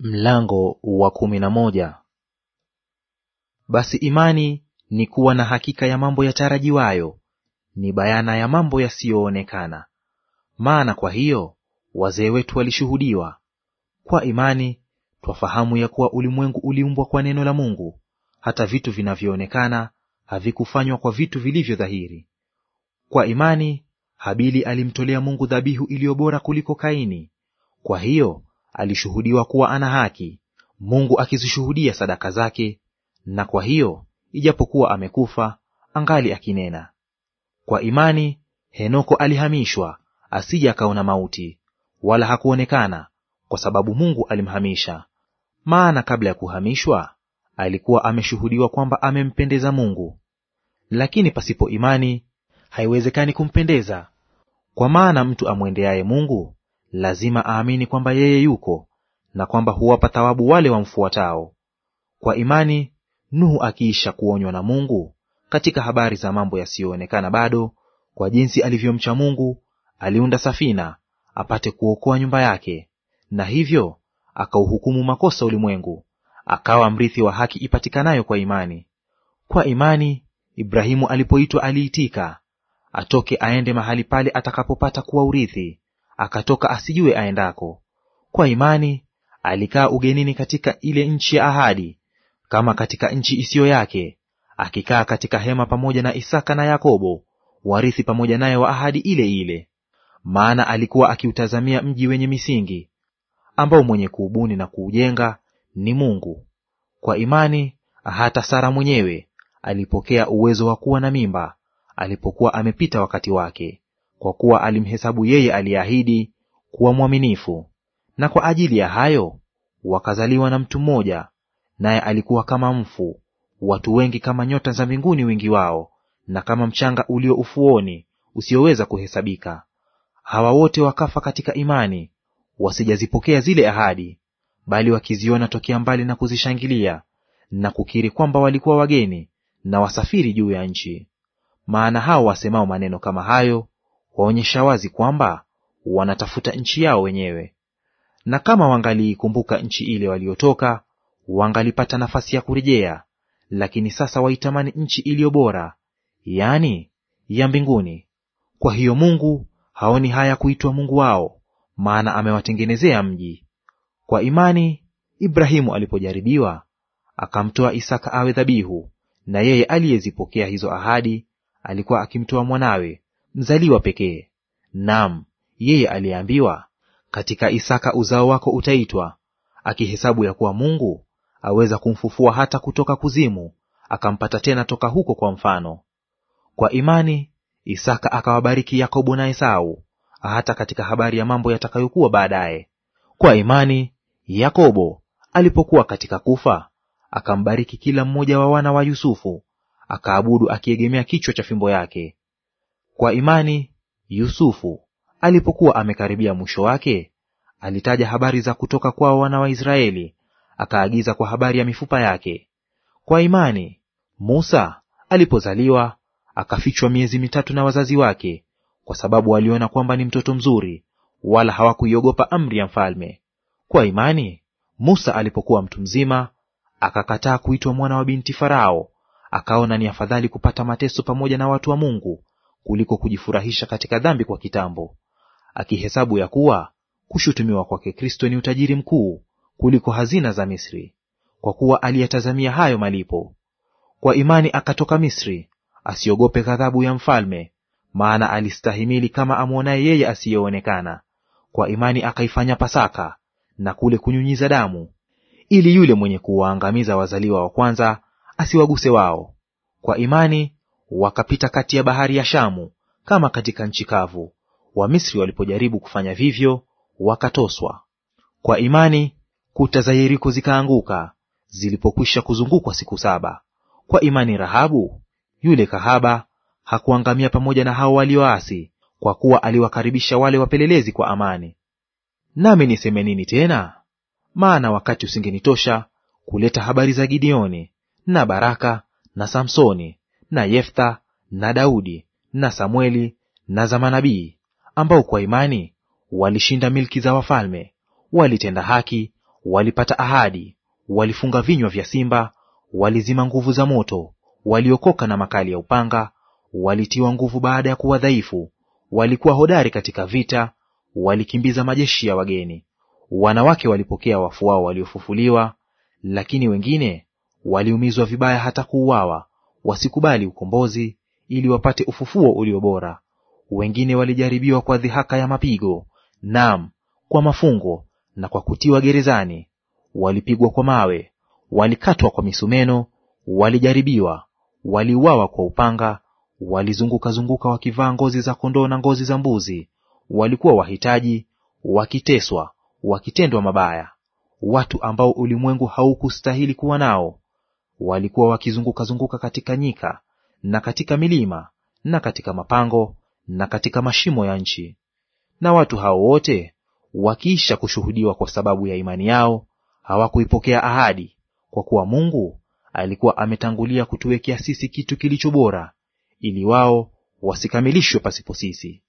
Mlango wa kumi na moja. Basi imani ni kuwa na hakika ya mambo yatarajiwayo, ni bayana ya mambo yasiyoonekana. Maana kwa hiyo wazee wetu walishuhudiwa. Kwa imani twafahamu ya kuwa ulimwengu uliumbwa kwa neno la Mungu, hata vitu vinavyoonekana havikufanywa kwa vitu vilivyo dhahiri. Kwa imani Habili alimtolea Mungu dhabihu iliyo bora kuliko Kaini. Kwa hiyo alishuhudiwa kuwa ana haki, Mungu akizishuhudia sadaka zake, na kwa hiyo ijapokuwa amekufa angali akinena. Kwa imani Henoko alihamishwa asije akaona mauti, wala hakuonekana, kwa sababu Mungu alimhamisha. Maana kabla ya kuhamishwa alikuwa ameshuhudiwa kwamba amempendeza Mungu. Lakini pasipo imani haiwezekani kumpendeza, kwa maana mtu amwendeaye Mungu lazima aamini kwamba yeye yuko na kwamba huwapa thawabu wale wamfuatao. Kwa imani Nuhu akiisha kuonywa na Mungu katika habari za mambo yasiyoonekana bado, kwa jinsi alivyomcha Mungu, aliunda safina apate kuokoa nyumba yake, na hivyo akauhukumu makosa ulimwengu, akawa mrithi wa haki ipatikanayo kwa imani. Kwa imani Ibrahimu alipoitwa aliitika, atoke aende mahali pale atakapopata kuwa urithi, akatoka asijue aendako. Kwa imani alikaa ugenini katika ile nchi ya ahadi, kama katika nchi isiyo yake, akikaa katika hema pamoja na Isaka na Yakobo, warithi pamoja naye wa ahadi ile ile. Maana alikuwa akiutazamia mji wenye misingi, ambao mwenye kuubuni na kuujenga ni Mungu. Kwa imani hata Sara mwenyewe alipokea uwezo wa kuwa na mimba alipokuwa amepita wakati wake, kwa kuwa alimhesabu yeye aliyeahidi kuwa mwaminifu. Na kwa ajili ya hayo wakazaliwa na mtu mmoja, naye alikuwa kama mfu, watu wengi kama nyota za mbinguni wingi wao, na kama mchanga ulio ufuoni usioweza kuhesabika. Hawa wote wakafa katika imani, wasijazipokea zile ahadi, bali wakiziona tokea mbali na kuzishangilia na kukiri kwamba walikuwa wageni na wasafiri juu ya nchi. Maana hao wasemao maneno kama hayo waonyesha wazi kwamba wanatafuta nchi yao wenyewe. Na kama wangaliikumbuka nchi ile waliotoka, wangalipata nafasi ya kurejea, lakini sasa waitamani nchi iliyo bora, yaani ya mbinguni. Kwa hiyo Mungu haoni haya kuitwa Mungu wao, maana amewatengenezea mji. Kwa imani Ibrahimu alipojaribiwa, akamtoa Isaka awe dhabihu, na yeye aliyezipokea hizo ahadi alikuwa akimtoa mwanawe mzaliwa pekee, nam yeye aliyeambiwa, katika Isaka uzao wako utaitwa, akihesabu ya kuwa Mungu aweza kumfufua hata kutoka kuzimu, akampata tena toka huko kwa mfano. Kwa imani Isaka akawabariki Yakobo na Esau, hata katika habari ya mambo yatakayokuwa baadaye. Kwa imani Yakobo alipokuwa katika kufa, akambariki kila mmoja wa wana wa Yusufu, akaabudu akiegemea kichwa cha fimbo yake. Kwa imani Yusufu alipokuwa amekaribia mwisho wake, alitaja habari za kutoka kwao wana wa Israeli, akaagiza kwa habari ya mifupa yake. Kwa imani Musa alipozaliwa akafichwa miezi mitatu na wazazi wake, kwa sababu waliona kwamba ni mtoto mzuri, wala hawakuiogopa amri ya mfalme. Kwa imani Musa alipokuwa mtu mzima akakataa kuitwa mwana wa binti Farao, akaona ni afadhali kupata mateso pamoja na watu wa Mungu kuliko kujifurahisha katika dhambi kwa kitambo, akihesabu ya kuwa kushutumiwa kwake Kristo ni utajiri mkuu kuliko hazina za Misri, kwa kuwa aliyatazamia hayo malipo. Kwa imani akatoka Misri, asiogope ghadhabu ya mfalme, maana alistahimili kama amwonaye yeye asiyeonekana. Kwa imani akaifanya Pasaka na kule kunyunyiza damu, ili yule mwenye kuwaangamiza wazaliwa wa kwanza asiwaguse wao. Kwa imani Wakapita kati ya bahari ya Shamu kama katika nchi kavu. Wamisri walipojaribu kufanya vivyo, wakatoswa. Kwa imani kuta za Yeriko zikaanguka zilipokwisha kuzungukwa siku saba. Kwa imani Rahabu yule kahaba hakuangamia pamoja na hao walioasi, kwa kuwa aliwakaribisha wale wapelelezi kwa amani. Nami niseme nini tena? Maana wakati usingenitosha kuleta habari za Gideoni na Baraka na Samsoni na Yeftha na Daudi na Samweli na za manabii, ambao kwa imani walishinda milki za wafalme, walitenda haki, walipata ahadi, walifunga vinywa vya simba, walizima nguvu za moto, waliokoka na makali ya upanga, walitiwa nguvu baada ya kuwa dhaifu, walikuwa hodari katika vita, walikimbiza majeshi ya wageni. Wanawake walipokea wafu wao waliofufuliwa, lakini wengine waliumizwa vibaya hata kuuawa, wasikubali ukombozi, ili wapate ufufuo ulio bora. Wengine walijaribiwa kwa dhihaka ya mapigo, naam, kwa mafungo na kwa kutiwa gerezani. Walipigwa kwa mawe, walikatwa kwa misumeno, walijaribiwa, waliuawa kwa upanga, walizunguka-zunguka wakivaa ngozi za kondoo na ngozi za mbuzi, walikuwa wahitaji, wakiteswa, wakitendwa mabaya, watu ambao ulimwengu haukustahili kuwa nao, walikuwa wakizungukazunguka katika nyika na katika milima na katika mapango na katika mashimo ya nchi. Na watu hao wote wakiisha kushuhudiwa kwa sababu ya imani yao, hawakuipokea ahadi, kwa kuwa Mungu alikuwa ametangulia kutuwekea sisi kitu kilicho bora, ili wao wasikamilishwe pasipo sisi.